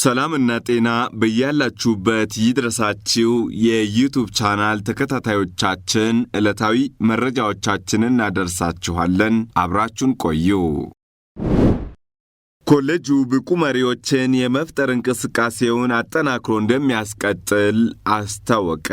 ሰላምና ጤና በያላችሁበት ይድረሳችሁ። የዩቱብ ቻናል ተከታታዮቻችን ዕለታዊ መረጃዎቻችንን እናደርሳችኋለን። አብራችሁን ቆዩ። ኮሌጁ ብቁ መሪዎችን የመፍጠር እንቅስቃሴውን አጠናክሮ እንደሚያስቀጥል አስታወቀ።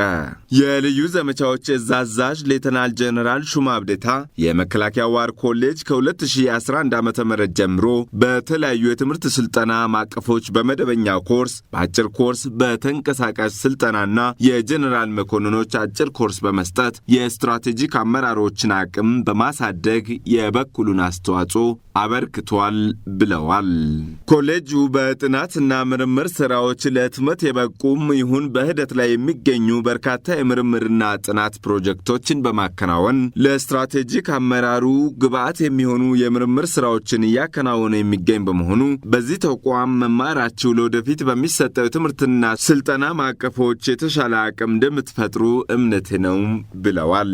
የልዩ ዘመቻዎች እዝ አዛዥ ሌተናል ጀነራል ሹማ አብዴታ የመከላከያ ዋር ኮሌጅ ከ2011 ዓ ም ጀምሮ በተለያዩ የትምህርት ስልጠና ማቀፎች በመደበኛ ኮርስ፣ በአጭር ኮርስ፣ በተንቀሳቃሽ ስልጠናና የጀነራል መኮንኖች አጭር ኮርስ በመስጠት የስትራቴጂክ አመራሮችን አቅም በማሳደግ የበኩሉን አስተዋጽኦ አበርክቷል ብለዋል። ተገልጿል። ኮሌጁ በጥናትና ምርምር ስራዎች ለህትመት የበቁም ይሁን በሂደት ላይ የሚገኙ በርካታ የምርምርና ጥናት ፕሮጀክቶችን በማከናወን ለስትራቴጂክ አመራሩ ግብዓት የሚሆኑ የምርምር ስራዎችን እያከናወነ የሚገኝ በመሆኑ በዚህ ተቋም መማራችሁ ለወደፊት በሚሰጠው ትምህርትና ስልጠና ማዕቀፎች የተሻለ አቅም እንደምትፈጥሩ እምነቴ ነው ብለዋል።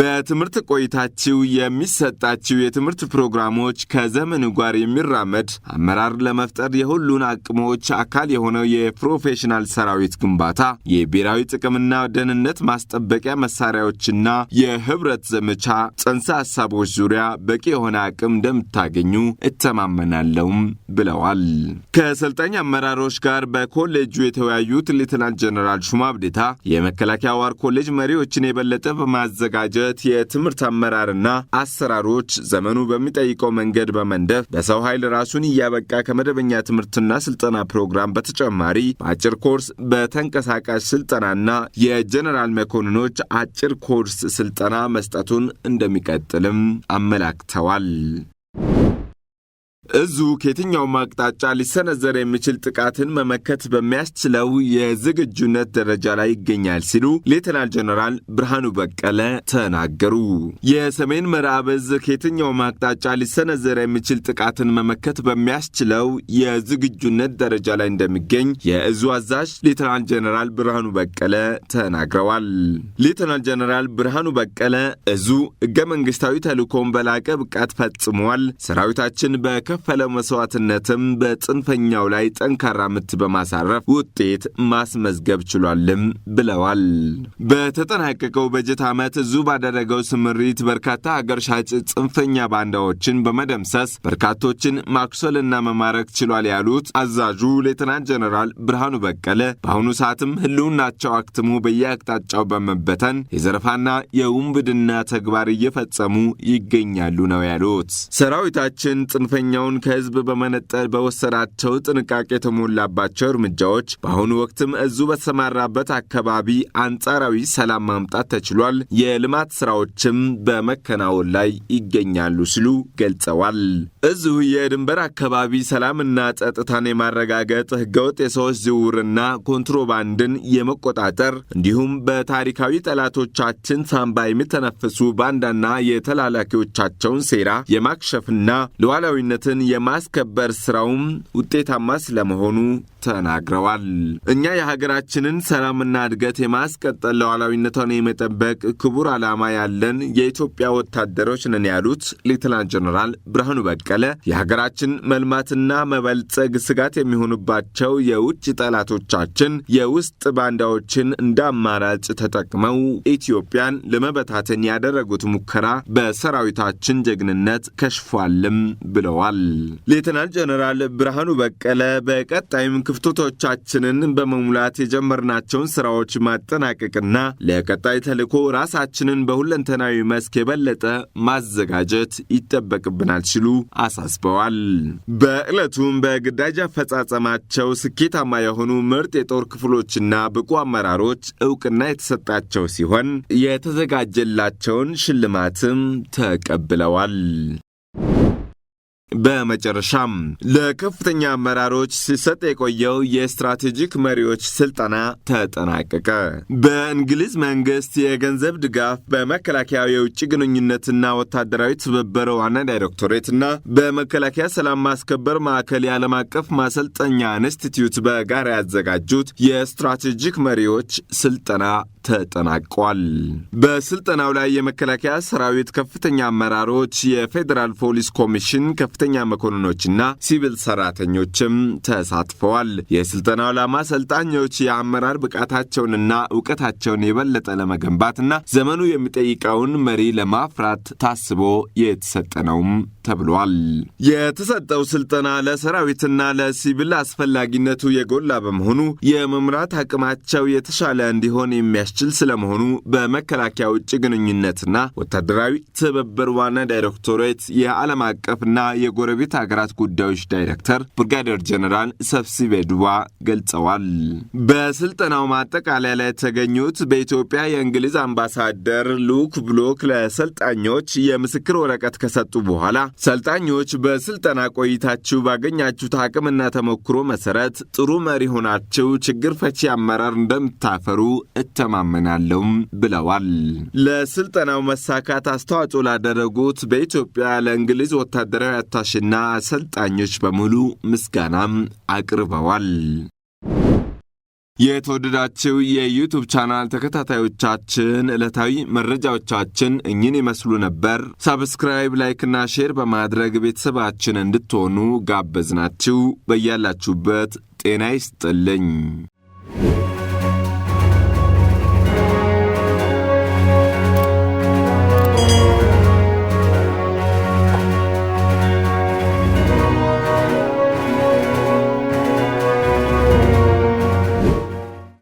በትምህርት ቆይታችሁ የሚሰጣችሁ የትምህርት ፕሮግራሞች ከዘመኑ ጋር የሚራመድ አመራር ለመፍጠር የሁሉን አቅሞች አካል የሆነው የፕሮፌሽናል ሰራዊት ግንባታ፣ የብሔራዊ ጥቅምና ደህንነት ማስጠበቂያ መሳሪያዎችና የህብረት ዘመቻ ጽንሰ ሀሳቦች ዙሪያ በቂ የሆነ አቅም እንደምታገኙ እተማመናለሁም ብለዋል። ከሰልጣኝ አመራሮች ጋር በኮሌጁ የተወያዩት ሌትናንት ጀነራል ሹማ አብዴታ የመከላከያ ዋር ኮሌጅ መሪዎችን የበለጠ በማዘጋጀት የትምህርት አመራርና አሰራሮች ዘመኑ በሚጠይቀው መንገድ በመንደፍ በሰው ኃይል ራሱን ኩባንያ እያበቃ ከመደበኛ ትምህርትና ስልጠና ፕሮግራም በተጨማሪ በአጭር ኮርስ በተንቀሳቃሽ ስልጠናና የጀነራል መኮንኖች አጭር ኮርስ ስልጠና መስጠቱን እንደሚቀጥልም አመላክተዋል። እዙ ከየትኛውም አቅጣጫ ሊሰነዘር የሚችል ጥቃትን መመከት በሚያስችለው የዝግጁነት ደረጃ ላይ ይገኛል ሲሉ ሌተናል ጀነራል ብርሃኑ በቀለ ተናገሩ። የሰሜን ምዕራብ እዝ ከየትኛውም አቅጣጫ ሊሰነዘር የሚችል ጥቃትን መመከት በሚያስችለው የዝግጁነት ደረጃ ላይ እንደሚገኝ የእዙ አዛዥ ሌተናል ጀነራል ብርሃኑ በቀለ ተናግረዋል። ሌተናል ጀነራል ብርሃኑ በቀለ እዙ ህገ መንግስታዊ ተልእኮውን በላቀ ብቃት ፈጽሟል። ሰራዊታችን በከፍ በተከፈለ መስዋዕትነትም በጽንፈኛው ላይ ጠንካራ ምት በማሳረፍ ውጤት ማስመዝገብ ችሏልም ብለዋል። በተጠናቀቀው በጀት ዓመት እዙ ባደረገው ስምሪት በርካታ ሀገር ሻጭ ጽንፈኛ ባንዳዎችን በመደምሰስ በርካቶችን ማኩሰልና መማረክ ችሏል ያሉት አዛዡ ሌተናንት ጀነራል ብርሃኑ በቀለ በአሁኑ ሰዓትም ህልውናቸው አክትሞ በየአቅጣጫው በመበተን የዘረፋና የውንብድና ተግባር እየፈጸሙ ይገኛሉ ነው ያሉት። ሰራዊታችን ጽንፈኛውን ሀብታቸውን ከህዝብ በመነጠል በወሰዳቸው ጥንቃቄ የተሞላባቸው እርምጃዎች በአሁኑ ወቅትም እዙ በተሰማራበት አካባቢ አንጻራዊ ሰላም ማምጣት ተችሏል። የልማት ስራዎችም በመከናወን ላይ ይገኛሉ ሲሉ ገልጸዋል። እዙ የድንበር አካባቢ ሰላምና ጸጥታን የማረጋገጥ ህገወጥ የሰዎች ዝውውርና ኮንትሮባንድን የመቆጣጠር እንዲሁም በታሪካዊ ጠላቶቻችን ሳንባ የሚተነፍሱ ባንዳና የተላላኪዎቻቸውን ሴራ የማክሸፍና ሉዓላዊነትን ደንብን የማስከበር ሥራውም ውጤታማ ስለመሆኑ ተናግረዋል። እኛ የሀገራችንን ሰላምና እድገት የማስቀጠል ሉዓላዊነቷን የመጠበቅ ክቡር ዓላማ ያለን የኢትዮጵያ ወታደሮች ነን ያሉት ሌትናንት ጀነራል ብርሃኑ በቀለ የሀገራችን መልማትና መበልጸግ ስጋት የሚሆኑባቸው የውጭ ጠላቶቻችን የውስጥ ባንዳዎችን እንደ አማራጭ ተጠቅመው ኢትዮጵያን ለመበታተን ያደረጉት ሙከራ በሰራዊታችን ጀግንነት ከሽፏልም ብለዋል። ሌትናንት ጀነራል ብርሃኑ በቀለ በቀጣይም ክፍተቶቻችንን በመሙላት የጀመርናቸውን ስራዎች ማጠናቀቅና ለቀጣይ ተልዕኮ ራሳችንን በሁለንተናዊ መስክ የበለጠ ማዘጋጀት ይጠበቅብናል ሲሉ አሳስበዋል። በዕለቱም በግዳጅ አፈጻጸማቸው ስኬታማ የሆኑ ምርጥ የጦር ክፍሎችና ብቁ አመራሮች እውቅና የተሰጣቸው ሲሆን የተዘጋጀላቸውን ሽልማትም ተቀብለዋል። በመጨረሻም ለከፍተኛ አመራሮች ሲሰጥ የቆየው የስትራቴጂክ መሪዎች ስልጠና ተጠናቀቀ። በእንግሊዝ መንግስት የገንዘብ ድጋፍ በመከላከያ የውጭ ግንኙነትና ወታደራዊ ትብብር ዋና ዳይሬክቶሬትና በመከላከያ ሰላም ማስከበር ማዕከል የዓለም አቀፍ ማሰልጠኛ ኢንስቲትዩት በጋራ ያዘጋጁት የስትራቴጂክ መሪዎች ስልጠና ተጠናቋል። በስልጠናው ላይ የመከላከያ ሰራዊት ከፍተኛ አመራሮች፣ የፌዴራል ፖሊስ ኮሚሽን ከፍተኛ መኮንኖችና ሲቪል ሰራተኞችም ተሳትፈዋል። የስልጠናው ዓላማ ሰልጣኞች የአመራር ብቃታቸውንና እውቀታቸውን የበለጠ ለመገንባትና ዘመኑ የሚጠይቀውን መሪ ለማፍራት ታስቦ የተሰጠ ነውም ተብሏል። የተሰጠው ስልጠና ለሰራዊትና ለሲቪል አስፈላጊነቱ የጎላ በመሆኑ የመምራት አቅማቸው የተሻለ እንዲሆን የሚያስ የሚያስችል ስለመሆኑ በመከላከያ ውጭ ግንኙነትና ወታደራዊ ትብብር ዋና ዳይሬክቶሬት የዓለም አቀፍና የጎረቤት ሀገራት ጉዳዮች ዳይሬክተር ብርጋዴር ጀኔራል ሰብሲቤ ዱባ ገልጸዋል። በስልጠናው ማጠቃለያ ላይ የተገኙት በኢትዮጵያ የእንግሊዝ አምባሳደር ሉክ ብሎክ ለሰልጣኞች የምስክር ወረቀት ከሰጡ በኋላ ሰልጣኞች በስልጠና ቆይታችሁ ባገኛችሁት አቅምና ተሞክሮ መሰረት ጥሩ መሪ ሆናችሁ ችግር ፈቺ አመራር እንደምታፈሩ እተማ እታመናለሁ ብለዋል። ለስልጠናው መሳካት አስተዋጽኦ ላደረጉት በኢትዮጵያ ለእንግሊዝ ወታደራዊ አታሽና አሰልጣኞች በሙሉ ምስጋናም አቅርበዋል። የተወደዳችው የዩቱብ ቻናል ተከታታዮቻችን ዕለታዊ መረጃዎቻችን እኝን ይመስሉ ነበር። ሳብስክራይብ፣ ላይክና ሼር በማድረግ ቤተሰባችን እንድትሆኑ ጋበዝናችሁ። በያላችሁበት ጤና ይስጥልኝ።